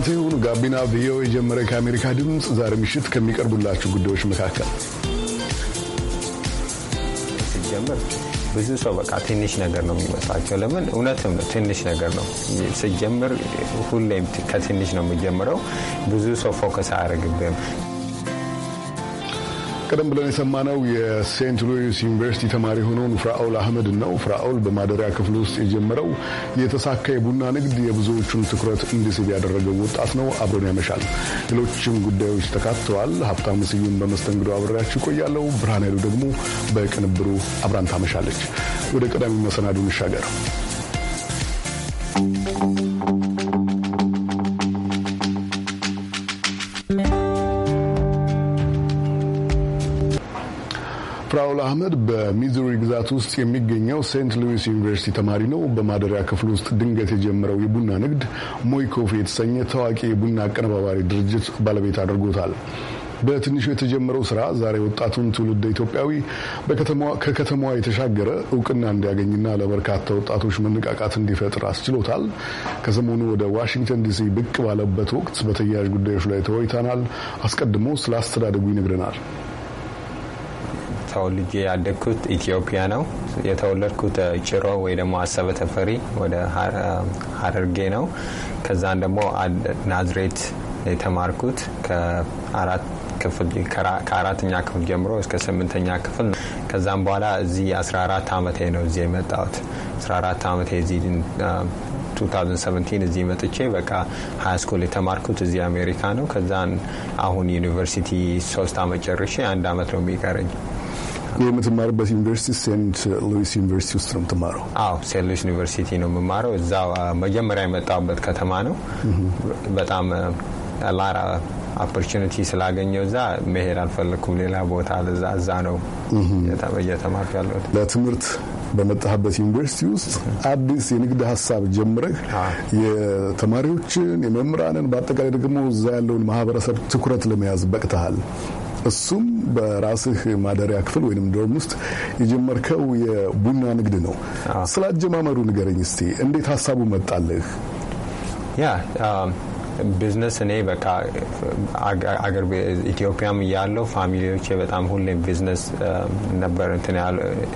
እናንተ ይሁን ጋቢና ቪኦኤ የጀመረ ከአሜሪካ ድምፅ ዛሬ ምሽት ከሚቀርቡላችሁ ጉዳዮች መካከል ሲጀመር ብዙ ሰው በቃ ትንሽ ነገር ነው የሚመስላቸው። ለምን እውነትም ትንሽ ነገር ነው ስጀምር ሁሌም ከትንሽ ነው የሚጀምረው። ብዙ ሰው ፎከስ አያደርግብም። ቀደም ብለን የሰማነው የሴንት ሉዊስ ዩኒቨርሲቲ ተማሪ የሆነውን ፍራኦል አህመድ ነው። ፍራኦል በማደሪያ ክፍል ውስጥ የጀመረው የተሳካ የቡና ንግድ የብዙዎቹን ትኩረት እንዲስብ ያደረገው ወጣት ነው። አብሮን ያመሻል። ሌሎችም ጉዳዮች ተካትተዋል። ሀብታሙ ስዩም በመስተንግዶ አብሬያችሁ ቆያለሁ። ብርሃን ኃይሉ ደግሞ በቅንብሩ አብራን ታመሻለች። ወደ ቀዳሚ መሰናዱ እንሻገር። ራውል አህመድ በሚዙሪ ግዛት ውስጥ የሚገኘው ሴንት ሉዊስ ዩኒቨርሲቲ ተማሪ ነው። በማደሪያ ክፍል ውስጥ ድንገት የጀመረው የቡና ንግድ ሞይ የተሰኘ ታዋቂ የቡና አቀነባባሪ ድርጅት ባለቤት አድርጎታል። በትንሹ የተጀመረው ስራ ዛሬ ወጣቱን ትውልድ ኢትዮጵያዊ ከከተማዋ የተሻገረ እውቅና እንዲያገኝና ለበርካታ ወጣቶች መነቃቃት እንዲፈጥር አስችሎታል። ከሰሞኑ ወደ ዋሽንግተን ዲሲ ብቅ ባለበት ወቅት በተያያዥ ጉዳዮች ላይ ተወይተናል አስቀድሞ ስለ አስተዳደጉ ይነግረናል። ተወልጄ ያደግኩት ኢትዮጵያ ነው። የተወለድኩት ጭሮ ወይ ደግሞ አሰበ ተፈሪ ወደ ሀረርጌ ነው። ከዛን ደግሞ ናዝሬት የተማርኩት ከአራት ከአራተኛ ክፍል ጀምሮ እስከ ስምንተኛ ክፍል ከዛም በኋላ እዚህ 14 ዓመቴ ነው እዚህ የመጣሁት። 14 ዓመቴ እዚህ 2017 እዚህ መጥቼ በቃ ስኩል የተማርኩት እዚህ አሜሪካ ነው። ከዛን አሁን ዩኒቨርሲቲ ሶስት ዓመት ጨርሼ አንድ ዓመት ነው የሚቀረኝ። የምትማርበት ዩኒቨርሲቲ ሴንት ሉዊስ ዩኒቨርሲቲ ውስጥ ነው የምትማረው? አዎ ሴንት ሉዊስ ዩኒቨርሲቲ ነው የምማረው። እዛ መጀመሪያ የመጣሁበት ከተማ ነው። በጣም ላራ ኦፖርቹኒቲ ስላገኘው እዛ መሄድ አልፈለኩም። ሌላ ቦታ ለዛ እዛ ነው እየተማርኩ ያለሁት። ለትምህርት በመጣህበት ዩኒቨርሲቲ ውስጥ አዲስ የንግድ ሀሳብ ጀምረህ የተማሪዎችን፣ የመምህራንን በአጠቃላይ ደግሞ እዛ ያለውን ማህበረሰብ ትኩረት ለመያዝ በቅተሃል። እሱም በራስህ ማደሪያ ክፍል ወይም ዶርም ውስጥ የጀመርከው የቡና ንግድ ነው። ስለ አጀማመሩ ንገረኝ እስቲ። እንዴት ሀሳቡ መጣልህ? ያ ቢዝነስ እኔ በቃ አገር ኢትዮጵያም ያለው ፋሚሊዎቼ በጣም ሁሌም ቢዝነስ ነበር እንትን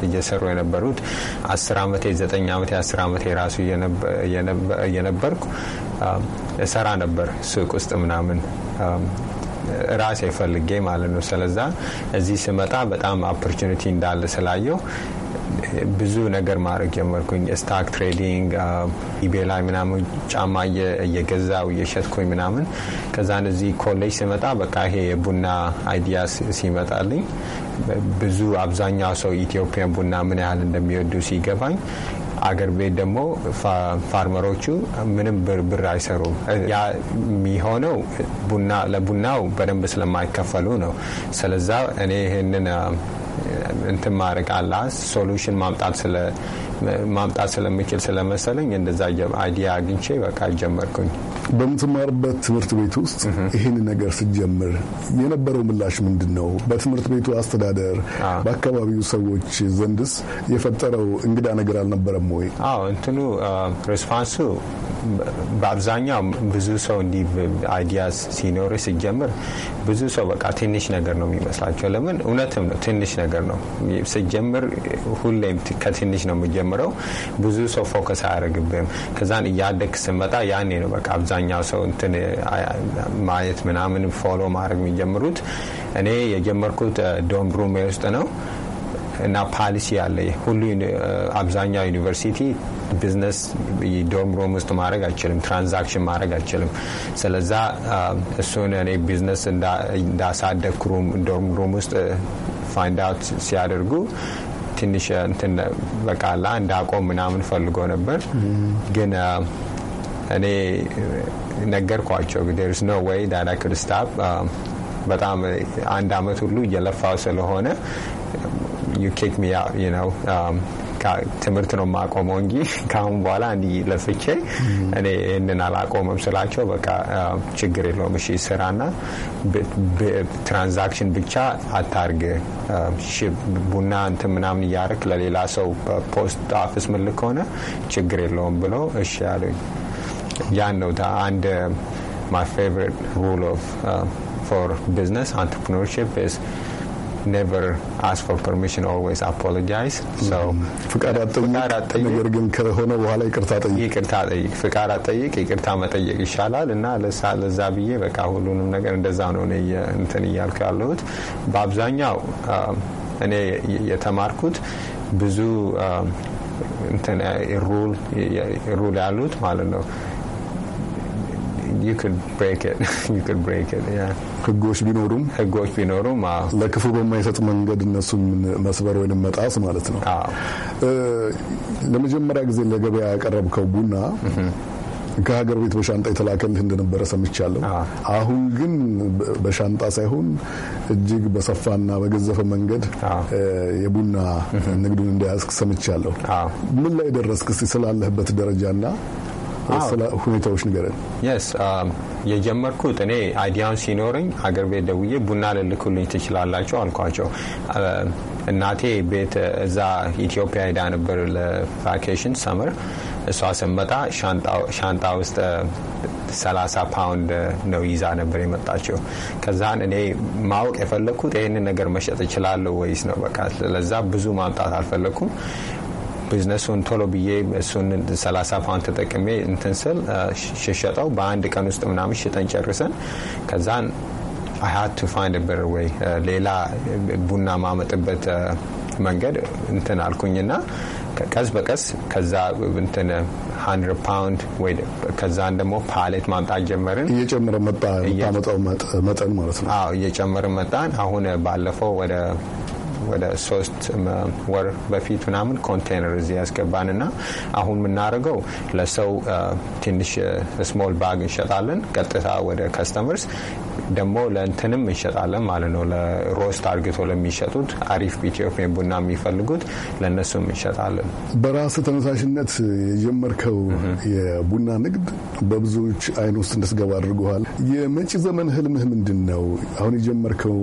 እየሰሩ የነበሩት አስር ዓመቴ ዘጠኝ ዓመቴ አስር ዓመቴ ራሱ እየነበርኩ እሰራ ነበር ሱቅ ውስጥ ምናምን ራሴ ፈልጌ ማለት ነው። ስለዛ እዚህ ስመጣ በጣም ኦፖርቹኒቲ እንዳለ ስላየው ብዙ ነገር ማድረግ ጀመርኩኝ። ስታክ ትሬዲንግ ኢቤይ ላይ ምናምን ጫማ እየገዛው እየሸጥኩኝ ምናምን። ከዛን እዚህ ኮሌጅ ስመጣ በቃ ይሄ የቡና አይዲያ ሲመጣልኝ ብዙ አብዛኛው ሰው ኢትዮጵያን ቡና ምን ያህል እንደሚወዱ ሲገባኝ አገር ቤት ደግሞ ፋርመሮቹ ምንም ብር አይሰሩም። ያ የሚሆነው ቡና ለቡናው በደንብ ስለማይከፈሉ ነው። ስለዛ እኔ ይህንን እንትን ማድረግ አላ ሶሉሽን ማምጣት ስለ ማምጣት ስለምችል ስለመሰለኝ እንደዛ አይዲያ አግኝቼ በቃ ጀመርኩኝ። በምትማርበት ትምህርት ቤት ውስጥ ይህን ነገር ስትጀምር የነበረው ምላሽ ምንድን ነው? በትምህርት ቤቱ አስተዳደር፣ በአካባቢው ሰዎች ዘንድስ የፈጠረው እንግዳ ነገር አልነበረም ወይ? አዎ እንትኑ ሬስፖንሱ በአብዛኛው ብዙ ሰው እንዲህ አይዲያ ሲኖር ሲጀምር ብዙ ሰው በቃ ትንሽ ነገር ነው የሚመስላቸው። ለምን እውነትም ነው ትንሽ ነገር ነው። ስጀምር ሁሌም ከትንሽ ነው የምጀምረው ጀምረው ብዙ ሰው ፎከስ አያደርግብም። ከዛን እያደግ ስመጣ ያኔ ነው በቃ አብዛኛው ሰው እንትን ማየት ምናምን ፎሎ ማድረግ የሚጀምሩት። እኔ የጀመርኩት ዶም ሩሜ ውስጥ ነው እና ፓሊሲ አለ ሁሉ አብዛኛው ዩኒቨርሲቲ ቢዝነስ ዶም ሮም ውስጥ ማድረግ አይችልም፣ ትራንዛክሽን ማድረግ አይችልም። ስለዛ እሱን እኔ ቢዝነስ እንዳሳደግ ዶም ሮም ውስጥ ፋይንድ አውት ሲያደርጉ ትንሽ እንትን በቃ አቆም ምናምን ፈልጎ ነበር ግን እኔ ነገርኳቸው ዴርስ ኖ ወይ ዳዳ ክርስታፕ በጣም አንድ አመት ሁሉ እየለፋው ስለሆነ ዩ ኬክ ሚ ትምህርት ነው የማቆመው እንጂ ከአሁን በኋላ እንዲህ ለፍቼ እኔ ይህንን አላቆመም ስላቸው በቃ ችግር የለውም እሺ ስራና ትራንዛክሽን ብቻ አታርግ፣ ቡና እንት ምናምን እያርክ ለሌላ ሰው በፖስት ኦፊስ ምልክ ከሆነ ችግር የለውም ብለው እሺ አሉኝ። ያን ነው አንድ ማይ ፌቨሪት ሩል ኦፍ ፎር ቢዝነስ አንትርፕኖርሽፕ ስ ኔቨር አስክ ፎር ፐርሚሽን ኦልዌይስ አፖሎጃይዝ። ፍቃድ አትጠይቅ፣ ነገር ግን ከሆነ በኋላ ይቅርታ ጠይቅ። ይቅርታ ጠይቅ፣ ፍቃድ አትጠይቅ፣ ይቅርታ መጠየቅ ይሻላል። እና ለዛ ብዬ በቃ ሁሉንም ነገር እንደዛ ነው እንትን እያልኩ ያለሁት በአብዛኛው እኔ የተማርኩት ብዙ ሩል ያሉት ማለት ነው ህጎች ቢኖሩም ህጎች ቢኖሩም ለክፉ በማይሰጥ መንገድ እነሱም መስበር ወይም መጣስ ማለት ነው። ለመጀመሪያ ጊዜ ለገበያ ያቀረብከው ቡና ከሀገር ቤት በሻንጣ የተላከልህ እንደነበረ ሰምቻለሁ። አሁን ግን በሻንጣ ሳይሆን እጅግ በሰፋና በገዘፈ መንገድ የቡና ንግዱን እንዳያስክ ሰምቻለሁ። ምን ላይ ደረስክ? ስላለህበት ደረጃና ስለ ሁኔታዎች ንገረን። የስ um, የጀመርኩት እኔ አይዲያውን ሲኖረኝ አገር ቤት ደውዬ ቡና ልልኩልኝ ትችላላቸው አልኳቸው። um, እናቴ ቤት እዛ ኢትዮጵያ ሄዳ ነበር ለቫኬሽን ሰምር። እሷ ስመጣ ሻንጣ ውስጥ 30 ፓውንድ ነው ይዛ ነበር የመጣቸው። ከዛን እኔ ማወቅ የፈለግኩት ይህንን ነገር መሸጥ እችላለሁ ወይስ ነው። በቃ ለዛ ብዙ ማምጣት አልፈለግኩም። ቢዝነሱን ቶሎ ብዬ እሱን 30 ፓውንድ ተጠቅሜ እንትን ስል ሽሸጠው በአንድ ቀን ውስጥ ምናምን ሽጠን ጨርሰን ከዛን አይ ሀድ ቱ ፋይንድ ብር ወይ ሌላ ቡና ማመጥበት መንገድ እንትን አልኩኝና ቀስ በቀስ ከዛ እንትን ሀንድረድ ፓውንድ ወይ ከዛን ደግሞ ፓሌት ማምጣት ጀመርን። እየጨመረ መጣ መጠን ማለት ነው። አዎ እየጨመረ መጣን። አሁን ባለፈው ወደ ወደ ሶስት ወር በፊት ምናምን ኮንቴነር እዚህ ያስገባን እና አሁን የምናደርገው ለሰው ትንሽ ስሞል ባግ እንሸጣለን። ቀጥታ ወደ ከስተመርስ ደግሞ ለእንትንም እንሸጣለን ማለት ነው። ለሮስት አርግቶ ለሚሸጡት አሪፍ ኢትዮጵያ ቡና የሚፈልጉት ለእነሱም እንሸጣለን። በራስ ተነሳሽነት የጀመርከው የቡና ንግድ በብዙዎች አይን ውስጥ እንድትገባ አድርገዋል። የመጪ ዘመን ህልምህ ምንድን ነው? አሁን የጀመርከው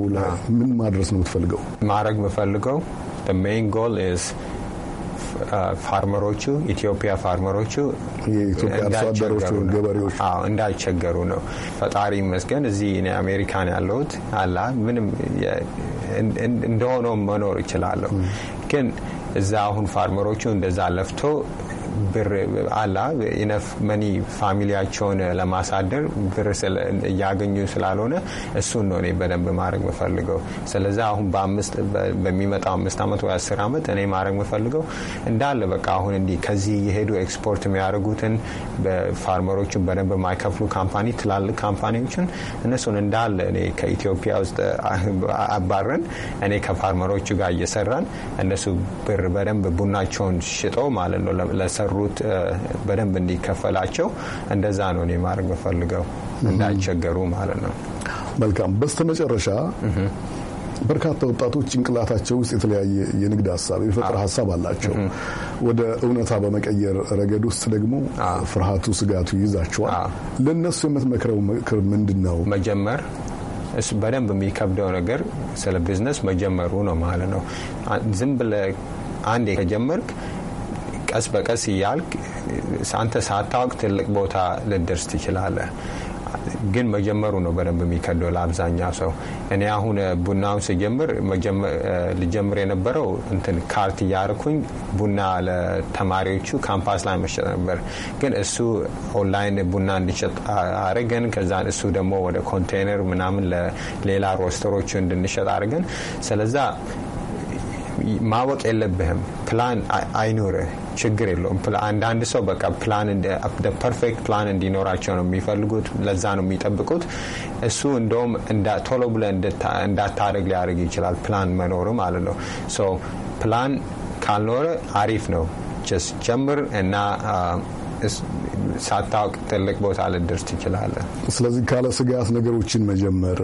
ምን ማድረስ ነው የምትፈልገው? ማድረግ የምፈልገው ሜን ጎል ፋርመሮቹ ኢትዮጵያ ፋርመሮቹ የኢትዮጵያ እንዳይቸገሩ ነው። ፈጣሪ ይመስገን እዚህ አሜሪካን ያለሁት አላ ምንም እንደሆነው መኖር ይችላለሁ። ግን እዛ አሁን ፋርመሮቹ እንደዛ ለፍቶ ብር አላ ኢነፍ መኒ ፋሚሊያቸውን ለማሳደር ብር እያገኙ ስላልሆነ እሱን ነው እኔ በደንብ ማድረግ የምፈልገው። ስለዚ አሁን በሚመጣው አምስት ዓመት ወይ አስር ዓመት እኔ ማድረግ የምፈልገው እንዳለ በቃ አሁን እንዲህ ከዚህ የሄዱ ኤክስፖርት የሚያደርጉትን በፋርመሮችን በደንብ የማይከፍሉ ካምፓኒ ትላልቅ ካምፓኒዎችን እነሱን እንዳለ እኔ ከኢትዮጵያ ውስጥ አባረን እኔ ከፋርመሮቹ ጋር እየሰራን እነሱ ብር በደንብ ቡናቸውን ሽጦ ማለት ነው የሰሩት በደንብ እንዲከፈላቸው እንደዛ ነው እኔ ማድረግ የምፈልገው እንዳይቸገሩ ማለት ነው። መልካም። በስተመጨረሻ በርካታ ወጣቶች ጭንቅላታቸው ውስጥ የተለያየ የንግድ ሀሳብ የፈጠራ ሀሳብ አላቸው። ወደ እውነታ በመቀየር ረገድ ውስጥ ደግሞ ፍርሃቱ፣ ስጋቱ ይይዛቸዋል። ለእነሱ የምትመክረው ምክር ምንድን ነው? መጀመር በደንብ የሚከብደው ነገር ስለ ቢዝነስ መጀመሩ ነው ማለት ነው። ዝም ብለህ አንዴ ከጀመርክ ቀስ በቀስ እያልክ አንተ ሳታውቅ ትልቅ ቦታ ልደርስ ትችላለህ። ግን መጀመሩ ነው በደንብ የሚከደው ለአብዛኛው ሰው። እኔ አሁን ቡናውን ስጀምር ልጀምር የነበረው እንትን ካርት እያርኩኝ ቡና ለተማሪዎቹ ካምፓስ ላይ መሸጥ ነበር። ግን እሱ ኦንላይን ቡና እንዲሸጥ አድርገን ከዛ እሱ ደግሞ ወደ ኮንቴይነር ምናምን ለሌላ ሮስተሮቹ እንድንሸጥ አድርገን ስለዛ ማወቅ የለብህም። ፕላን አይኖርህ፣ ችግር የለውም። አንዳንድ ሰው በቃ ፕላን ፐርፌክት ፕላን እንዲኖራቸው ነው የሚፈልጉት፣ ለዛ ነው የሚጠብቁት። እሱ እንደውም ቶሎ ብለህ እንዳታደርግ ሊያደርግ ይችላል፣ ፕላን መኖሩ ማለት ነው። ሶ ፕላን ካልኖረ አሪፍ ነው። ጀምር እና ሳታውቅ ትልቅ ቦታ ልደርስ ትችላለህ። ስለዚህ ካለ ስጋት ነገሮችን መጀመር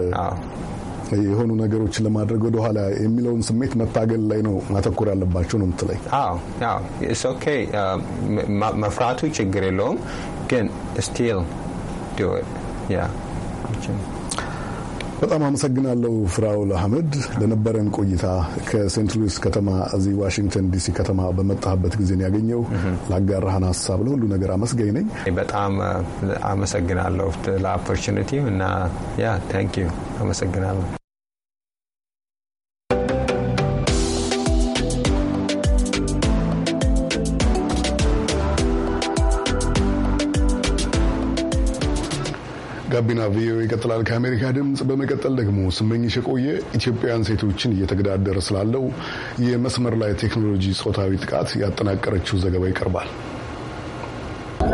የሆኑ ነገሮችን ለማድረግ ወደኋላ የሚለውን ስሜት መታገል ላይ ነው ማተኮር ያለባቸው ነው የምትለኝ? Um, መፍራቱ ችግር የለውም ግን ስቲል ያ በጣም አመሰግናለሁ ፍራውል አህመድ ለነበረን ቆይታ። ከሴንት ሉዊስ ከተማ እዚህ ዋሽንግተን ዲሲ ከተማ በመጣህበት ጊዜ ያገኘው ላጋራህን ሀሳብ ለሁሉ ነገር አመስጋኝ ነኝ። በጣም አመሰግናለሁ ለኦፖርቹኒቲ እና ያ ታንክ ዩ አመሰግናለሁ። ጋቢና ቪኦኤ ይቀጥላል። ከአሜሪካ ድምፅ በመቀጠል ደግሞ ስመኝሽ የቆየ ኢትዮጵያውያን ሴቶችን እየተገዳደረ ስላለው የመስመር ላይ ቴክኖሎጂ ጾታዊ ጥቃት ያጠናቀረችው ዘገባ ይቀርባል።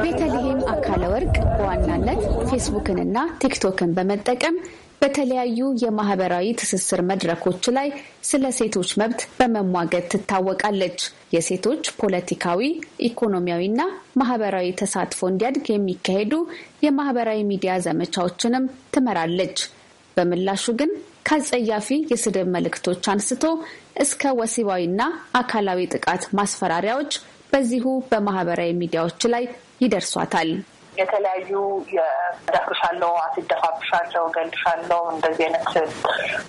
ቤተልሔም አካለ ወርቅ በዋናነት ፌስቡክንና ቲክቶክን በመጠቀም በተለያዩ የማህበራዊ ትስስር መድረኮች ላይ ስለ ሴቶች መብት በመሟገት ትታወቃለች። የሴቶች ፖለቲካዊ፣ ኢኮኖሚያዊና ማህበራዊ ተሳትፎ እንዲያድግ የሚካሄዱ የማህበራዊ ሚዲያ ዘመቻዎችንም ትመራለች። በምላሹ ግን ከአጸያፊ የስድብ መልእክቶች አንስቶ እስከ ወሲባዊና አካላዊ ጥቃት ማስፈራሪያዎች በዚሁ በማህበራዊ ሚዲያዎች ላይ ይደርሷታል። የተለያዩ የደፍርሻለው፣ አትደፋብሻለው፣ ገልሻለው እንደዚህ አይነት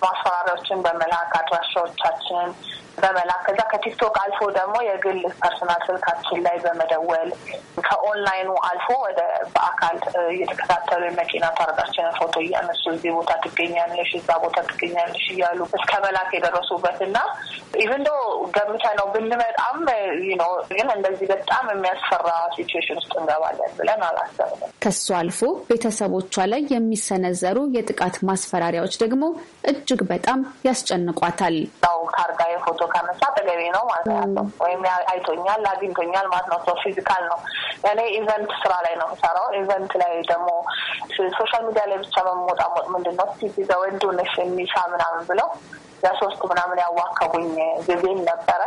ማስፈራሪያዎችን በመላክ አድራሻዎቻችንን በመላክ ከዛ ከቲክቶክ አልፎ ደግሞ የግል ፐርሰናል ስልካችን ላይ በመደወል ከኦንላይኑ አልፎ ወደ በአካል እየተከታተሉ የመኪና ታርጋችንን ፎቶ እያነሱ እዚህ ቦታ ትገኛለሽ፣ እዛ ቦታ ትገኛለሽ እያሉ እስከ መላክ የደረሱበት እና ኢቨን ዶ ገምተ ነው ብንመጣም ግን እንደዚህ በጣም የሚያስፈራ ሲትዌሽን ውስጥ እንገባለን ብለን አላት። ከሷ አልፎ ቤተሰቦቿ ላይ የሚሰነዘሩ የጥቃት ማስፈራሪያዎች ደግሞ እጅግ በጣም ያስጨንቋታል። ካርጋ ፎቶ ከነሳ ተገቢ ነው ማለት ያለው ወይም አይቶኛል አግኝቶኛል ማለት ነው። ሰው ፊዚካል ነው። እኔ ኢቨንት ስራ ላይ ነው የምሰራው። ኢቨንት ላይ ደግሞ ሶሻል ሚዲያ ላይ ብቻ መሞጣሞጥ ምንድን ነው ሲዛ ወንድ ነሽ የሚሻ ምናምን ብለው ለሶስት ምናምን ያዋከቡኝ ጊዜም ነበረ።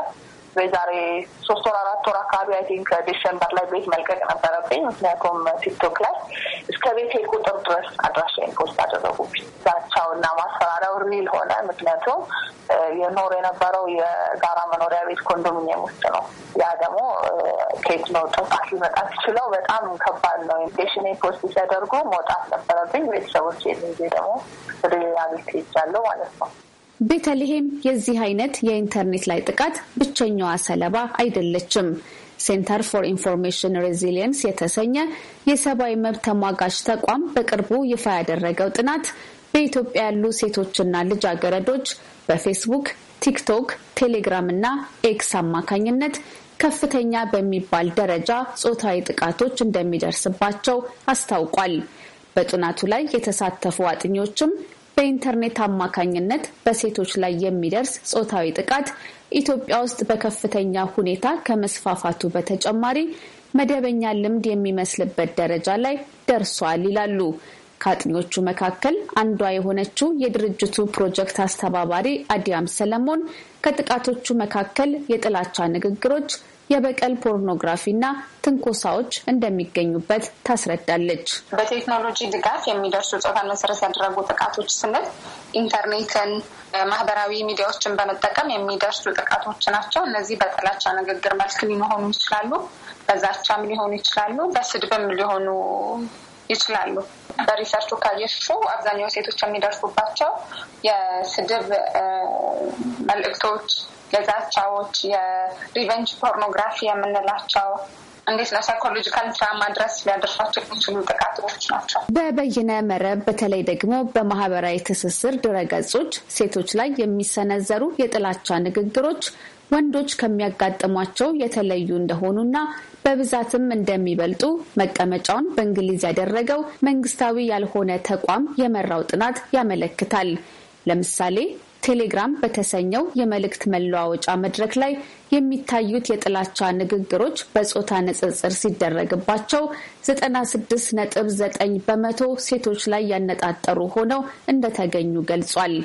በዛሬ ሶስት ወር አራት ወር አካባቢ አይ ቲንክ ዲሴምበር ላይ ቤት መልቀቅ ነበረብኝ። ምክንያቱም ቲክቶክ ላይ እስከ ቤቴ ቁጥር ድረስ አድራሻዬን ፖስት አደረጉብኝ። እና ማስፈራሪያው ሪል ሆነ። ምክንያቱም የኖር የነበረው የጋራ መኖሪያ ቤት ኮንዶሚኒየም ውስጥ ነው። ያ ደግሞ ከየት ነው ጥፋት ሊመጣ ችለው በጣም ከባድ ነው። ኢንቴሽን ፖስት ሲያደርጉ መውጣት ነበረብኝ። ቤተሰቦች ይዜ ደግሞ ሪያሊቲ ይቻለው ማለት ነው። ቤተልሔም የዚህ አይነት የኢንተርኔት ላይ ጥቃት ብቸኛዋ ሰለባ አይደለችም። ሴንተር ፎር ኢንፎርሜሽን ሬዚሊየንስ የተሰኘ የሰብአዊ መብት ተሟጋች ተቋም በቅርቡ ይፋ ያደረገው ጥናት በኢትዮጵያ ያሉ ሴቶችና ልጃገረዶች በፌስቡክ፣ ቲክቶክ፣ ቴሌግራም እና ኤክስ አማካኝነት ከፍተኛ በሚባል ደረጃ ጾታዊ ጥቃቶች እንደሚደርስባቸው አስታውቋል። በጥናቱ ላይ የተሳተፉ አጥኚዎችም በኢንተርኔት አማካኝነት በሴቶች ላይ የሚደርስ ጾታዊ ጥቃት ኢትዮጵያ ውስጥ በከፍተኛ ሁኔታ ከመስፋፋቱ በተጨማሪ መደበኛ ልምድ የሚመስልበት ደረጃ ላይ ደርሷል ይላሉ። ከአጥኚዎቹ መካከል አንዷ የሆነችው የድርጅቱ ፕሮጀክት አስተባባሪ አዲያም ሰለሞን ከጥቃቶቹ መካከል የጥላቻ ንግግሮች የበቀል ፖርኖግራፊና ትንኮሳዎች እንደሚገኙበት ታስረዳለች። በቴክኖሎጂ ድጋፍ የሚደርሱ ጾታን መሰረት ያደረጉ ጥቃቶች ስንል ኢንተርኔትን፣ ማህበራዊ ሚዲያዎችን በመጠቀም የሚደርሱ ጥቃቶች ናቸው። እነዚህ በጥላቻ ንግግር መልክ ሊሆኑ ይችላሉ፣ በዛቻም ሊሆኑ ይችላሉ፣ በስድብም ሊሆኑ ይችላሉ። በሪሰርቹ ካየሹ አብዛኛው ሴቶች የሚደርሱባቸው የስድብ መልእክቶች የዛቻዎች፣ የሪቨንጅ ፖርኖግራፊ የምንላቸው እንዴት ነው ሳይኮሎጂካል ትራማ ድረስ ሊያደርሷቸው የሚችሉ ጥቃቶች ናቸው። በበይነ መረብ በተለይ ደግሞ በማህበራዊ ትስስር ድረገጾች ሴቶች ላይ የሚሰነዘሩ የጥላቻ ንግግሮች ወንዶች ከሚያጋጥሟቸው የተለዩ እንደሆኑና በብዛትም እንደሚበልጡ መቀመጫውን በእንግሊዝ ያደረገው መንግስታዊ ያልሆነ ተቋም የመራው ጥናት ያመለክታል። ለምሳሌ ቴሌግራም በተሰኘው የመልእክት መለዋወጫ መድረክ ላይ የሚታዩት የጥላቻ ንግግሮች በጾታ ንጽጽር ሲደረግባቸው 96.9 በመቶ ሴቶች ላይ ያነጣጠሩ ሆነው እንደተገኙ ገልጿል።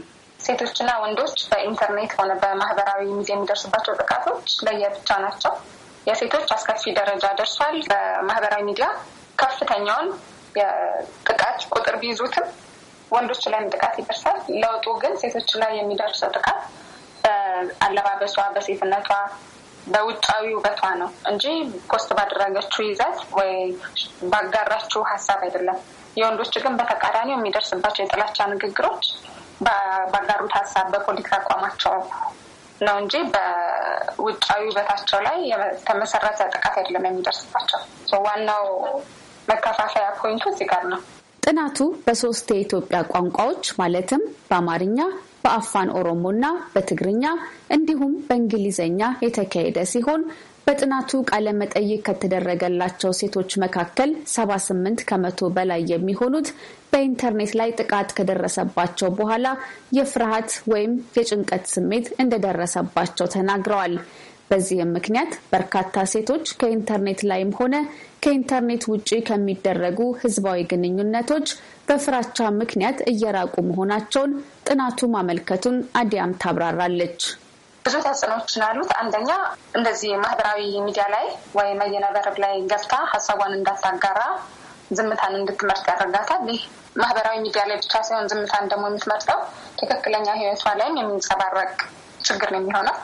ሴቶችና ወንዶች በኢንተርኔት ሆነ በማህበራዊ ሚዲያ የሚደርሱባቸው ጥቃቶች ለየብቻ ናቸው። የሴቶች አስከፊ ደረጃ ደርሷል። በማህበራዊ ሚዲያ ከፍተኛውን የጥቃት ቁጥር ቢይዙትም ወንዶች ላይም ጥቃት ይደርሳል። ለውጡ ግን ሴቶች ላይ የሚደርሰው ጥቃት በአለባበሷ፣ በሴትነቷ፣ በውጫዊ ውበቷ ነው እንጂ ፖስት ባደረገችው ይዘት ወይ ባጋራችው ሀሳብ አይደለም። የወንዶች ግን በተቃራኒው የሚደርስባቸው የጥላቻ ንግግሮች ባጋሩት ሀሳብ፣ በፖለቲካ አቋማቸው ነው እንጂ በውጫዊ ውበታቸው ላይ የተመሰረተ ጥቃት አይደለም የሚደርስባቸው። ዋናው መከፋፈያ ፖይንቱ እዚህ ጋር ነው። ጥናቱ በሶስት የኢትዮጵያ ቋንቋዎች ማለትም በአማርኛ፣ በአፋን ኦሮሞና በትግርኛ እንዲሁም በእንግሊዝኛ የተካሄደ ሲሆን በጥናቱ ቃለመጠይቅ ከተደረገላቸው ሴቶች መካከል 78 ከመቶ በላይ የሚሆኑት በኢንተርኔት ላይ ጥቃት ከደረሰባቸው በኋላ የፍርሃት ወይም የጭንቀት ስሜት እንደደረሰባቸው ተናግረዋል። በዚህም ምክንያት በርካታ ሴቶች ከኢንተርኔት ላይም ሆነ ከኢንተርኔት ውጪ ከሚደረጉ ህዝባዊ ግንኙነቶች በፍራቻ ምክንያት እየራቁ መሆናቸውን ጥናቱ ማመልከቱን አዲያም ታብራራለች። ብዙ ተጽዕኖች አሉት። አንደኛ እንደዚህ ማህበራዊ ሚዲያ ላይ ወይም መየነበረብ ላይ ገብታ ሀሳቧን እንዳታጋራ ዝምታን እንድትመርጥ ያደርጋታል። ይህ ማህበራዊ ሚዲያ ላይ ብቻ ሳይሆን ዝምታን ደግሞ የምትመርጠው ትክክለኛ ህይወቷ ላይም የሚንጸባረቅ ችግር ነው የሚሆነው።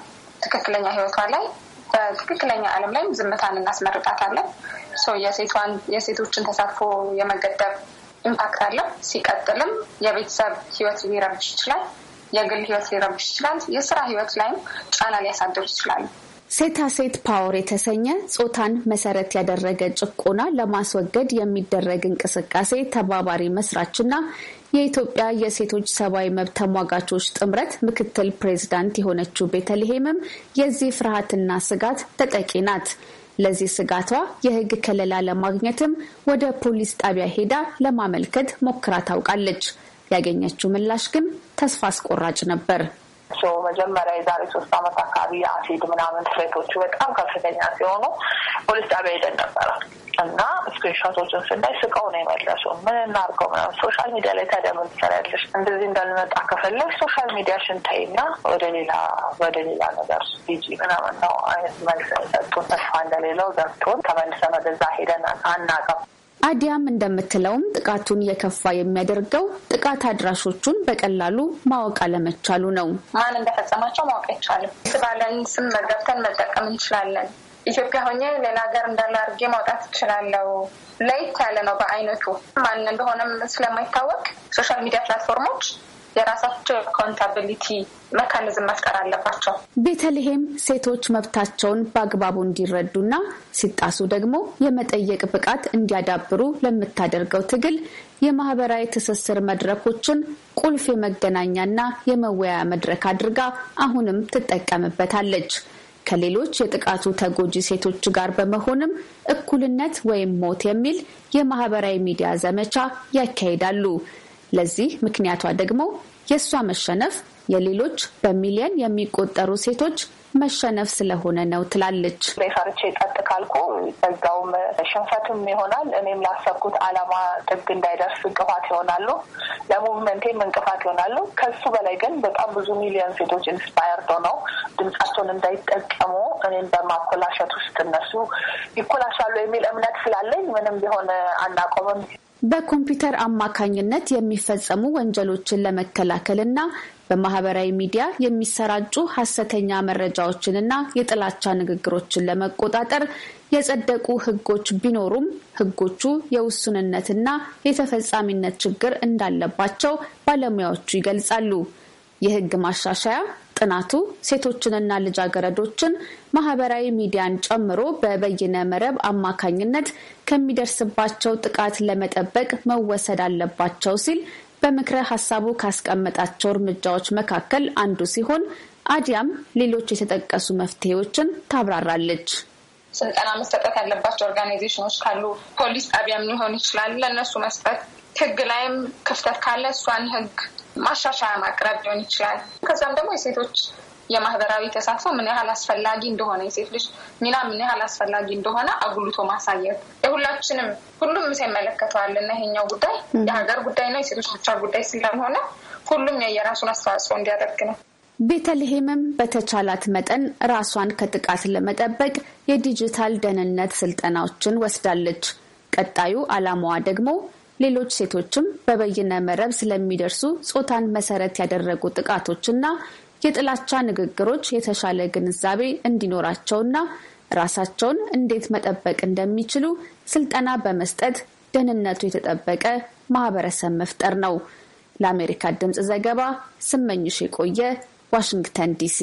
ትክክለኛ ህይወቷ ላይ በትክክለኛ ዓለም ላይም ዝምታን እናስመርጣታለን። ሰው የሴቷን የሴቶችን ተሳትፎ የመገደብ ኢምፓክት አለ። ሲቀጥልም የቤተሰብ ህይወት ሊረብሽ ይችላል። የግል ህይወት ሊረብሽ ይችላል። የስራ ህይወት ላይም ጫና ሊያሳድሩ ይችላሉ። ሴታ ሴት ፓወር የተሰኘ ጾታን መሰረት ያደረገ ጭቆና ለማስወገድ የሚደረግ እንቅስቃሴ ተባባሪ መስራችና የኢትዮጵያ የሴቶች ሰብአዊ መብት ተሟጋቾች ጥምረት ምክትል ፕሬዝዳንት የሆነችው ቤተልሔምም የዚህ ፍርሃትና ስጋት ተጠቂ ናት። ለዚህ ስጋቷ የህግ ከለላ ለማግኘትም ወደ ፖሊስ ጣቢያ ሄዳ ለማመልከት ሞክራ ታውቃለች። ያገኘችው ምላሽ ግን ተስፋ አስቆራጭ ነበር። መጀመሪያ የዛሬ ሶስት አመት አካባቢ አሲድ ምናምን ስሬቶቹ በጣም ከፍተኛ ሲሆኑ ፖሊስ ጣቢያ ሄደን ነበረ እና ስክሪንሾቶችን ስናይ ስቀው ነው የመለሱ። ምን እናርገው ምናምን ሶሻል ሚዲያ ላይ ታዲያ ምን ትሰሪያለሽ? እንደዚህ እንዳልመጣ ከፈለግ ሶሻል ሚዲያ ሽንታይ ወደ ሌላ ወደ ሌላ ነገር ሂጂ ምናምን ነው አይነት መልስ ሰጡን። ተስፋ እንደሌለው ዘግቶን ተመልሰን ወደዛ ሄደን አናቀም አዲያም እንደምትለውም ጥቃቱን የከፋ የሚያደርገው ጥቃት አድራሾቹን በቀላሉ ማወቅ አለመቻሉ ነው። ማን እንደፈጸማቸው ማወቅ አይቻልም። ስባለን ስም መገብተን መጠቀም እንችላለን። ኢትዮጵያ ሆኜ ሌላ ሀገር እንዳለ አድርጌ ማውጣት እችላለሁ። ለየት ያለ ነው በአይነቱ ማን እንደሆነም ስለማይታወቅ ሶሻል ሚዲያ ፕላትፎርሞች የራሳቸው አካውንታቢሊቲ መካኒዝም መፍጠር አለባቸው። ቤተልሔም ሴቶች መብታቸውን በአግባቡ እንዲረዱና ሲጣሱ ደግሞ የመጠየቅ ብቃት እንዲያዳብሩ ለምታደርገው ትግል የማህበራዊ ትስስር መድረኮችን ቁልፍ የመገናኛና የመወያያ መድረክ አድርጋ አሁንም ትጠቀምበታለች። ከሌሎች የጥቃቱ ተጎጂ ሴቶች ጋር በመሆንም እኩልነት ወይም ሞት የሚል የማህበራዊ ሚዲያ ዘመቻ ያካሂዳሉ። ለዚህ ምክንያቷ ደግሞ የእሷ መሸነፍ የሌሎች በሚሊዮን የሚቆጠሩ ሴቶች መሸነፍ ስለሆነ ነው ትላለች። ፈርቼ ጠጥ ካልኩ በዛውም ሽንፈትም ይሆናል። እኔም ላሰብኩት አላማ ጥግ እንዳይደርስ እንቅፋት ይሆናሉ፣ ለሙቭመንቴም እንቅፋት ይሆናሉ። ከሱ በላይ ግን በጣም ብዙ ሚሊዮን ሴቶች ኢንስፓየርዶ ነው ድምጻቸውን እንዳይጠቀሙ እኔም በማኮላሸት ውስጥ እነሱ ይኮላሻሉ የሚል እምነት ስላለኝ ምንም ቢሆን አናቆምም። በኮምፒውተር አማካኝነት የሚፈጸሙ ወንጀሎችን ለመከላከል እና በማህበራዊ ሚዲያ የሚሰራጩ ሀሰተኛ መረጃዎችንና የጥላቻ ንግግሮችን ለመቆጣጠር የጸደቁ ህጎች ቢኖሩም ህጎቹ የውሱንነትና የተፈጻሚነት ችግር እንዳለባቸው ባለሙያዎቹ ይገልጻሉ። የህግ ማሻሻያ ጥናቱ ሴቶችንና ልጃገረዶችን ማህበራዊ ሚዲያን ጨምሮ በበይነ መረብ አማካኝነት ከሚደርስባቸው ጥቃት ለመጠበቅ መወሰድ አለባቸው ሲል በምክረ ሀሳቡ ካስቀመጣቸው እርምጃዎች መካከል አንዱ ሲሆን አዲያም ሌሎች የተጠቀሱ መፍትሄዎችን ታብራራለች። ስልጠና መሰጠት ያለባቸው ኦርጋናይዜሽኖች ካሉ ፖሊስ ጣቢያም ሊሆን ይችላል ለእነሱ መስጠት ህግ ላይም ክፍተት ካለ እሷን ህግ ማሻሻያ ማቅረብ ሊሆን ይችላል። ከዛም ደግሞ የሴቶች የማህበራዊ ተሳትፎ ምን ያህል አስፈላጊ እንደሆነ የሴት ልጅ ሚና ምን ያህል አስፈላጊ እንደሆነ አጉልቶ ማሳየት የሁላችንም ሁሉም ሲመለከተዋል እና ይሄኛው ጉዳይ የሀገር ጉዳይ ነው፣ የሴቶች ብቻ ጉዳይ ስለሆነ ሁሉም የየራሱን አስተዋጽኦ እንዲያደርግ ነው። ቤተልሔምም በተቻላት መጠን ራሷን ከጥቃት ለመጠበቅ የዲጂታል ደህንነት ስልጠናዎችን ወስዳለች። ቀጣዩ ዓላማዋ ደግሞ ሌሎች ሴቶችም በበይነ መረብ ስለሚደርሱ ጾታን መሰረት ያደረጉ ጥቃቶችና የጥላቻ ንግግሮች የተሻለ ግንዛቤ እንዲኖራቸውና ራሳቸውን እንዴት መጠበቅ እንደሚችሉ ስልጠና በመስጠት ደህንነቱ የተጠበቀ ማህበረሰብ መፍጠር ነው። ለአሜሪካ ድምፅ ዘገባ ስመኝሽ የቆየ ዋሽንግተን ዲሲ።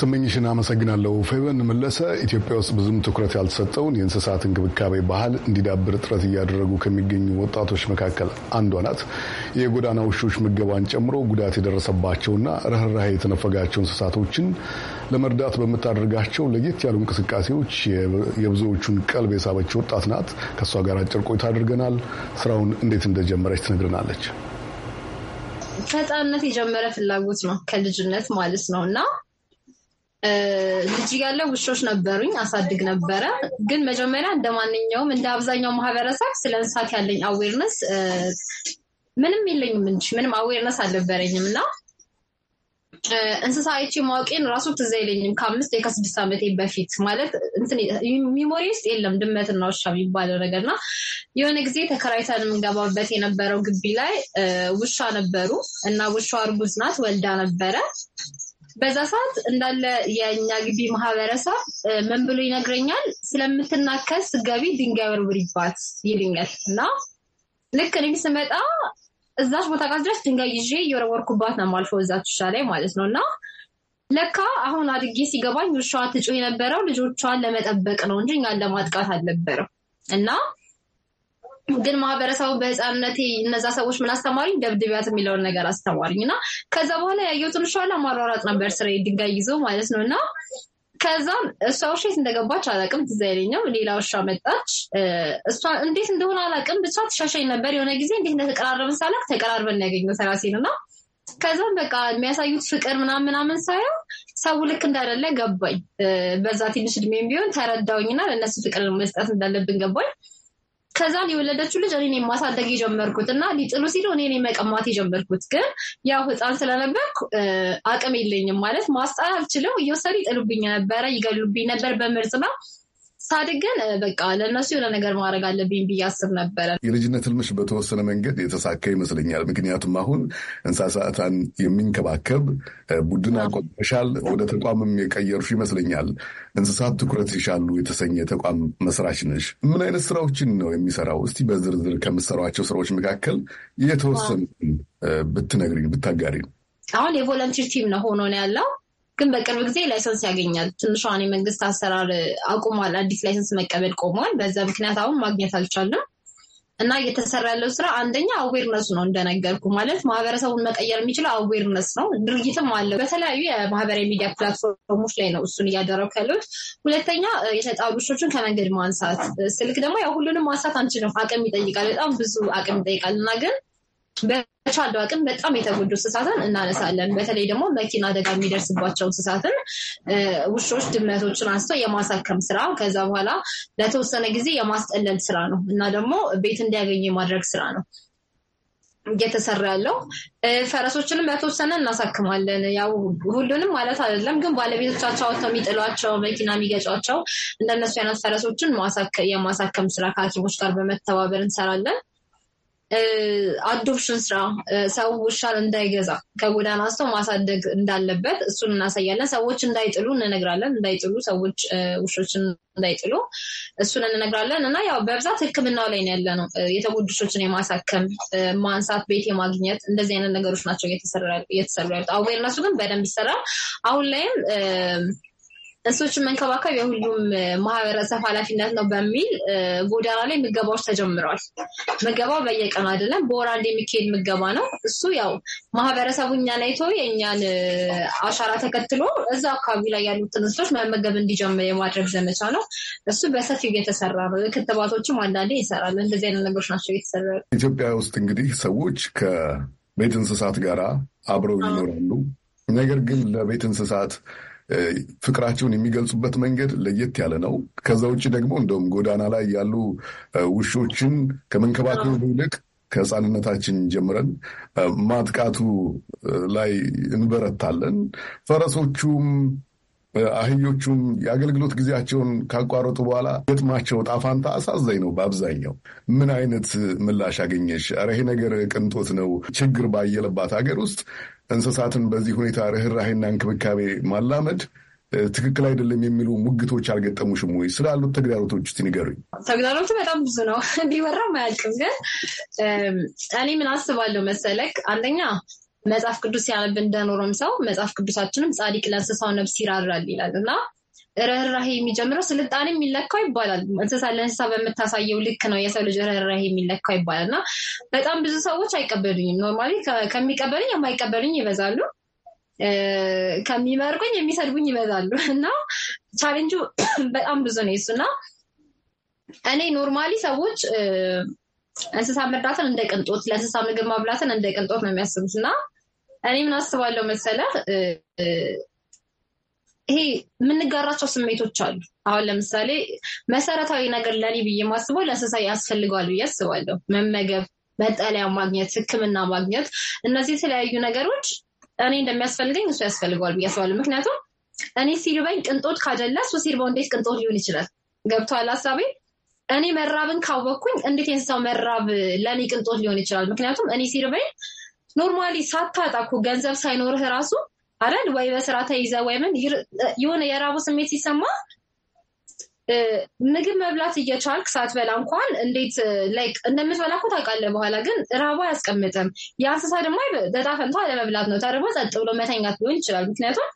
ስመኝሽን አመሰግናለሁ። ፌቨን መለሰ ኢትዮጵያ ውስጥ ብዙም ትኩረት ያልተሰጠውን የእንስሳት እንክብካቤ ባህል እንዲዳብር ጥረት እያደረጉ ከሚገኙ ወጣቶች መካከል አንዷ ናት። የጎዳና ውሾች ምገባን ጨምሮ ጉዳት የደረሰባቸውና ርኅራሄ የተነፈጋቸው እንስሳቶችን ለመርዳት በምታደርጋቸው ለየት ያሉ እንቅስቃሴዎች የብዙዎቹን ቀልብ የሳበች ወጣት ናት። ከእሷ ጋር አጭር ቆይታ አድርገናል። ስራውን እንዴት እንደጀመረች ትነግረናለች። ከህፃንነት የጀመረ ፍላጎት ነው ከልጅነት ማለት ነው እና ልጅ ያለ ውሾች ነበሩኝ፣ አሳድግ ነበረ። ግን መጀመሪያ እንደ ማንኛውም እንደ አብዛኛው ማህበረሰብ ስለ እንስሳት ያለኝ አዌርነስ ምንም የለኝም እንጂ ምንም አዌርነስ አልነበረኝም እና እንስሳ አይቼ ማወቄን ራሱ ትዝ አይለኝም። ከአምስት ከስድስት ዓመቴ በፊት ማለት ሚሞሪ ውስጥ የለም ድመትና ውሻ የሚባለው ነገር እና የሆነ ጊዜ ተከራይተን የምንገባበት የነበረው ግቢ ላይ ውሻ ነበሩ እና ውሻ እርጉዝ ናት ወልዳ ነበረ በዛ ሰዓት እንዳለ የእኛ ግቢ ማህበረሰብ ምን ብሎ ይነግረኛል? ስለምትናከስ ገቢ ድንጋይ ወርውሪባት ይልኛል እና ልክ እኔም ስመጣ እዛች ቦታ ቃስ ድረስ ድንጋይ ይዤ እየወረወርኩባት ነው የማልፈው እዛች ውሻ ላይ ማለት ነው እና ለካ አሁን አድጌ ሲገባኝ ውሻዋ ትጮህ የነበረው ልጆቿን ለመጠበቅ ነው እንጂ እኛን ለማጥቃት አልነበረው እና ግን ማህበረሰቡ በህፃንነቴ እነዛ ሰዎች ምን አስተማሪኝ ደብድቢያት የሚለውን ነገር አስተማሪኝ እና ከዛ በኋላ ያየሁትን ሻላ ማሯሯጥ ነበር ስራ ድንጋይ ይዞ ማለት ነው እና ከዛም እሷ ውሸት እንደገባች አላቅም ትዝ አይለኝም። ሌላ ውሻ መጣች። እሷ እንዴት እንደሆነ አላቅም ብቻ ትሻሻኝ ነበር። የሆነ ጊዜ እንዴት እንደተቀራረብን ሳላውቅ ተቀራርበን ያገኘው ራሴን እና ከዛም በቃ የሚያሳዩት ፍቅር ምናምን ምናምን ሳየው ሰው ልክ እንዳደለ ገባኝ። በዛ ትንሽ እድሜም ቢሆን ተረዳውኝና ለእነሱ ፍቅር መስጠት እንዳለብን ገባኝ። ከዛን የወለደችው ልጅ እኔ ማሳደግ የጀመርኩት እና ሊጥሉ ሲሉ እኔ መቀማት የጀመርኩት ግን ያው ህፃን ስለነበርኩ አቅም የለኝም ማለት ማስጣል አልችልም። እየወሰዱ ይጥሉብኝ ነበረ፣ ይገሉብኝ ነበር በምርጥ ነው ሳድግ ግን በቃ ለእነሱ የሆነ ነገር ማድረግ አለብኝ ብዬ አስብ ነበረ። የልጅነት ህልምሽ በተወሰነ መንገድ የተሳካ ይመስለኛል። ምክንያቱም አሁን እንስሳትን የሚንከባከብ ቡድን አቆሻል፣ ወደ ተቋምም የቀየርሹ ይመስለኛል። እንስሳት ትኩረት ይሻሉ የተሰኘ ተቋም መስራች ነሽ። ምን አይነት ስራዎችን ነው የሚሰራው? እስቲ በዝርዝር ከምትሰሯቸው ስራዎች መካከል የተወሰኑ ብትነግሪን ብታጋሪ። አሁን የቮለንቲር ቲም ነው ሆኖ ነው ያለው ግን በቅርብ ጊዜ ላይሰንስ ያገኛል። ትንሿን የመንግስት አሰራር አቁሟል። አዲስ ላይሰንስ መቀበል ቆሟል። በዛ ምክንያት አሁን ማግኘት አልቻለም። እና እየተሰራ ያለው ስራ አንደኛ አዌርነሱ ነው እንደነገርኩ ማለት ማህበረሰቡን መቀየር የሚችለው አዌርነስ ነው። ድርጊትም አለው በተለያዩ የማህበራዊ ሚዲያ ፕላትፎርሞች ላይ ነው እሱን እያደረኩ ያለሁት። ሁለተኛ የተጣሉ ውሾችን ከመንገድ ማንሳት፣ ስልክ ደግሞ ያው ሁሉንም ማንሳት አንችልም፣ አቅም ይጠይቃል፣ በጣም ብዙ አቅም ይጠይቃል እና ግን በቻልነው አቅም በጣም የተጎዱ እንስሳትን እናነሳለን። በተለይ ደግሞ መኪና አደጋ የሚደርስባቸው እንስሳትን ውሾች፣ ድመቶችን አንስቶ የማሳከም ስራ ከዛ በኋላ ለተወሰነ ጊዜ የማስጠለል ስራ ነው እና ደግሞ ቤት እንዲያገኙ የማድረግ ስራ ነው እየተሰራ ያለው። ፈረሶችንም በተወሰነ እናሳክማለን። ያው ሁሉንም ማለት አይደለም፣ ግን ባለቤቶቻቸው አውጥተው የሚጥሏቸው መኪና የሚገጫቸው እንደነሱ አይነት ፈረሶችን የማሳከም ስራ ከሐኪሞች ጋር በመተባበር እንሰራለን። አዶፕሽን ስራ ሰው ውሻን እንዳይገዛ ከጎዳና አንስተው ማሳደግ እንዳለበት እሱን እናሳያለን። ሰዎች እንዳይጥሉ እንነግራለን። እንዳይጥሉ ሰዎች ውሾችን እንዳይጥሉ እሱን እንነግራለን። እና ያው በብዛት ሕክምናው ላይ ነው ያለ ነው። የተጎዱ ውሾችን የማሳከም ማንሳት፣ ቤት የማግኘት እንደዚህ አይነት ነገሮች ናቸው እየተሰሩ ያሉት። አዌርነሱ ግን በደንብ ይሰራል። አሁን ላይም እንስሶችን መንከባከብ የሁሉም ማህበረሰብ ኃላፊነት ነው በሚል ጎዳና ላይ ምገባዎች ተጀምረዋል። ምገባው በየቀኑ አይደለም፣ በወር አንድ የሚካሄድ ምገባ ነው። እሱ ያው ማህበረሰቡ እኛን አይቶ የእኛን አሻራ ተከትሎ እዛ አካባቢ ላይ ያሉት እንስሶች መመገብ እንዲጀምር የማድረግ ዘመቻ ነው። እሱ በሰፊው እየተሰራ ነው። ክትባቶችም አንዳንዴ ይሰራሉ። እንደዚህ አይነት ነገሮች ናቸው እየተሰራ ኢትዮጵያ ውስጥ እንግዲህ ሰዎች ከቤት እንስሳት ጋር አብረው ይኖራሉ። ነገር ግን ለቤት እንስሳት ፍቅራቸውን የሚገልጹበት መንገድ ለየት ያለ ነው። ከዛ ውጭ ደግሞ እንደውም ጎዳና ላይ ያሉ ውሾችን ከመንከባከቡ ይልቅ ከህፃንነታችን ጀምረን ማጥቃቱ ላይ እንበረታለን። ፈረሶቹም አህዮቹም የአገልግሎት ጊዜያቸውን ካቋረጡ በኋላ ገጥማቸው ጣፋንታ አሳዛኝ ነው። በአብዛኛው ምን አይነት ምላሽ አገኘሽ? ኧረ ይሄ ነገር ቅንጦት ነው። ችግር ባየለባት ሀገር ውስጥ እንስሳትን በዚህ ሁኔታ ርኅራሄና እንክብካቤ ማላመድ ትክክል አይደለም የሚሉ ሙግቶች አልገጠሙሽም ወይ? ስላሉት ተግዳሮቶች እስኪ ንገሩኝ። ተግዳሮቱ በጣም ብዙ ነው፣ እንዲወራም አያልቅም። ግን እኔ ምን አስባለሁ መሰለክ፣ አንደኛ መጽሐፍ ቅዱስ ሲያነብ እንደኖረም ሰው መጽሐፍ ቅዱሳችንም ጻዲቅ ለእንስሳው ነብስ ይራራል ይላል እና ርኅራሄ የሚጀምረው ስልጣኔ የሚለካው ይባላል እንስሳ ለእንስሳ በምታሳየው ልክ ነው የሰው ልጅ ርኅራሄ የሚለካው ይባላል እና በጣም ብዙ ሰዎች አይቀበሉኝም። ኖርማሊ ከሚቀበሉኝ የማይቀበሉኝ ይበዛሉ፣ ከሚመርቁኝ የሚሰድቡኝ ይበዛሉ እና ቻሌንጁ በጣም ብዙ ነው እና እኔ ኖርማሊ ሰዎች እንስሳ መርዳትን እንደ ቅንጦት፣ ለእንስሳ ምግብ ማብላትን እንደ ቅንጦት ነው የሚያስቡት እና እኔ ምን አስባለሁ መሰለህ ይሄ የምንጋራቸው ስሜቶች አሉ። አሁን ለምሳሌ መሰረታዊ ነገር ለኔ ብዬ ማስበው ለእንስሳ ያስፈልገዋል ብዬ አስባለሁ። መመገብ፣ መጠለያ ማግኘት፣ ሕክምና ማግኘት፣ እነዚህ የተለያዩ ነገሮች እኔ እንደሚያስፈልገኝ እሱ ያስፈልገዋል ብዬ አስባለሁ። ምክንያቱም እኔ ሲርበኝ ቅንጦት ካደላ እሱ ሲርበው እንዴት ቅንጦት ሊሆን ይችላል? ገብቶሃል ሀሳቤ? እኔ መራብን ካወቅኩኝ እንዴት የእንስሳው መራብ ለእኔ ቅንጦት ሊሆን ይችላል? ምክንያቱም እኔ ሲርበኝ ኖርማሊ ሳታጣኩ ገንዘብ ሳይኖርህ ራሱ አይደል ወይ በስራ ተይዘ ወይምን የሆነ የራቡ ስሜት ሲሰማ ምግብ መብላት እየቻልክ ሳትበላ እንኳን እንዴት ላይክ እንደምትበላ እኮ ታውቃለህ። በኋላ ግን ራቡ አያስቀምጥም። የእንስሳ ደግሞ በጣ ፈንታ ለመብላት ነው። ተርቦ ጸጥ ብሎ መተኛት ሊሆን ይችላል። ምክንያቱም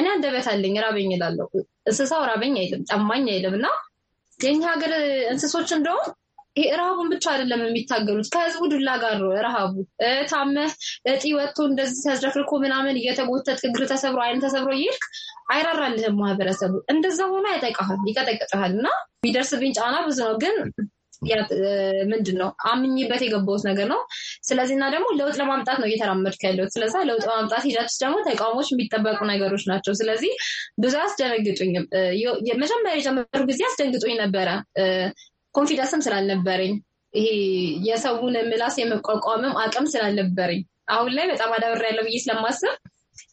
እኔ አንደበት አለኝ ራበኝ እላለሁ። እንስሳው ራበኝ አይልም፣ ጠማኝ አይልም። እና የኛ ሀገር እንስሶች እንደውም ይሄ ረሃቡን ብቻ አይደለም የሚታገሉት ከህዝቡ ዱላ ጋር ነው። ረሃቡ ታመህ እጢ ወጥቶ እንደዚህ ተዝረክርኮ ምናምን እየተጎተት እግር ተሰብሮ አይን ተሰብሮ ይልክ አይራራልህም ማህበረሰቡ። እንደዛ ሆኖ አይጠቃሃል፣ ይቀጠቅጥሃል። እና የሚደርስብኝ ጫና ብዙ ነው ግን ምንድን ነው አምኝበት የገባሁት ነገር ነው። ስለዚህ እና ደግሞ ለውጥ ለማምጣት ነው እየተራመድክ ያለሁት። ስለዚ ለውጥ ለማምጣት ሂደት ደግሞ ተቃውሞች የሚጠበቁ ነገሮች ናቸው። ስለዚህ ብዙ አያስደነግጡኝም። መጀመሪያ የጀመሩ ጊዜ አስደንግጡኝ ነበረ። ኮንፊደንስም ስላልነበረኝ ይሄ የሰውን ምላስ የመቋቋምም አቅም ስላልነበረኝ አሁን ላይ በጣም አዳብር ያለው ብዬ ስለማስብ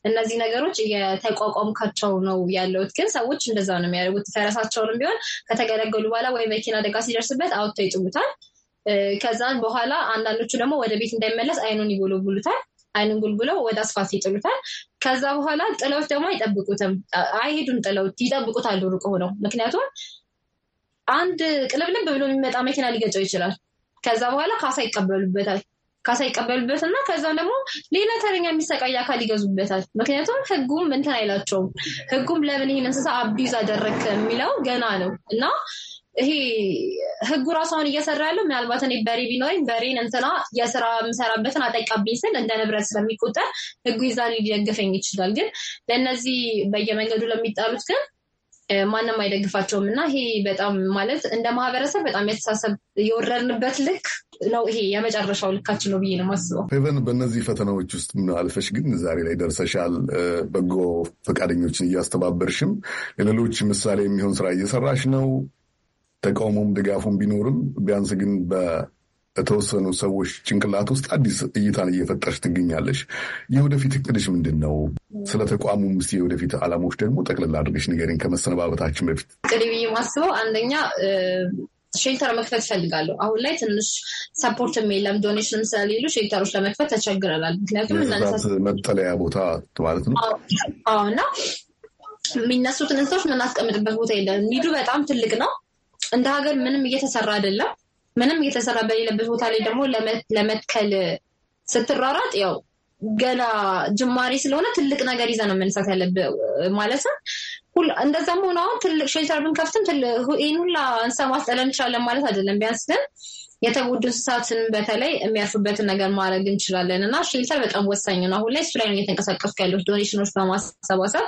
እነዚህ ነገሮች የተቋቋምካቸው ነው ያለውት። ግን ሰዎች እንደዛ ነው የሚያደርጉት። ፈረሳቸውንም ቢሆን ከተገለገሉ በኋላ ወይ መኪና አደጋ ሲደርስበት አውጥተው ይጥሉታል። ከዛን በኋላ አንዳንዶቹ ደግሞ ወደ ቤት እንዳይመለስ አይኑን ይጎለጉሉታል። አይኑን ጉልጉለው ወደ አስፋልት ይጥሉታል። ከዛ በኋላ ጥለውት ደግሞ አይጠብቁትም፣ አይሄዱም። ጥለውት ይጠብቁታል ሩቅ ሆነው። ምክንያቱም አንድ ቅልብልም ብሎ የሚመጣ መኪና ሊገጨው ይችላል። ከዛ በኋላ ካሳ ይቀበሉበታል። ካሳ ይቀበሉበት እና ከዛ ደግሞ ሌላ ተረኛ የሚሰቃይ አካል ይገዙበታል። ምክንያቱም ህጉም እንትን አይላቸውም። ህጉም ለምን ይህን እንስሳ አቢዝ አደረግክ የሚለው ገና ነው እና ይሄ ህጉ ራሷን እየሰራ ያለው ምናልባት እኔ በሬ ቢኖረኝ በሬን እንትና የስራ የምሰራበትን አጠቃብኝ ስል እንደ ንብረት ስለሚቆጠር ህጉ ይዛን ሊደግፈኝ ይችላል። ግን ለእነዚህ በየመንገዱ ለሚጣሉት ግን ማንም አይደግፋቸውም እና ይሄ በጣም ማለት እንደ ማህበረሰብ በጣም የተሳሰብ የወረድንበት ልክ ነው። ይሄ የመጨረሻው ልካችን ነው ብዬ ነው ማስበው። ፌቨን፣ በእነዚህ ፈተናዎች ውስጥ ምን አልፈሽ ግን ዛሬ ላይ ደርሰሻል። በጎ ፈቃደኞችን እያስተባበርሽም ለሌሎች ምሳሌ የሚሆን ስራ እየሰራሽ ነው። ተቃውሞም ድጋፉም ቢኖርም ቢያንስ ግን በተወሰኑ ሰዎች ጭንቅላት ውስጥ አዲስ እይታን እየፈጠረች ትገኛለች። የወደፊት እቅድሽ ምንድን ነው? ስለ ተቋሙ ስ የወደፊት አላማዎች ደግሞ ጠቅልላ አድርገሽ ንገሪን ከመሰነባበታችን በፊት። ቅድ ብዬ ማስበው አንደኛ ሼልተር መክፈት እፈልጋለሁ። አሁን ላይ ትንሽ ሰፖርትም የለም፣ ዶኔሽንም ስለሌሉ ሼልተሮች ለመክፈት ተቸግረናል። ምክንያቱም መጠለያ ቦታ ማለት ነው እና የሚነሱትን እንስቶች ምናስቀምጥበት ቦታ የለም። ኒዱ በጣም ትልቅ ነው። እንደ ሀገር ምንም እየተሰራ አይደለም። ምንም እየተሰራ በሌለበት ቦታ ላይ ደግሞ ለመትከል ስትራራጥ ያው ገና ጅማሬ ስለሆነ ትልቅ ነገር ይዘ ነው መነሳት ያለብ ማለት ነው። እንደዛም ሆነ አሁን ትልቅ ሼልተር ብንከፍትም ይህን ሁላ እንስሳ ማስጠለል እንችላለን ማለት አይደለም። ቢያንስ ግን የተጎዱ እንስሳትን በተለይ የሚያርፉበትን ነገር ማድረግ እንችላለን እና ሼልተር በጣም ወሳኝ ነው። አሁን ላይ እሱ ላይ ነው እየተንቀሳቀሱ ያሉት ዶኔሽኖች በማሰባሰብ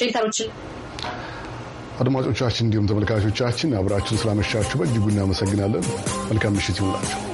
ሼልተሮችን አድማጮቻችን እንዲሁም ተመልካቾቻችን አብራችሁን ስላመሻችሁ በእጅጉ እናመሰግናለን። መልካም ምሽት ይሁንላችሁ።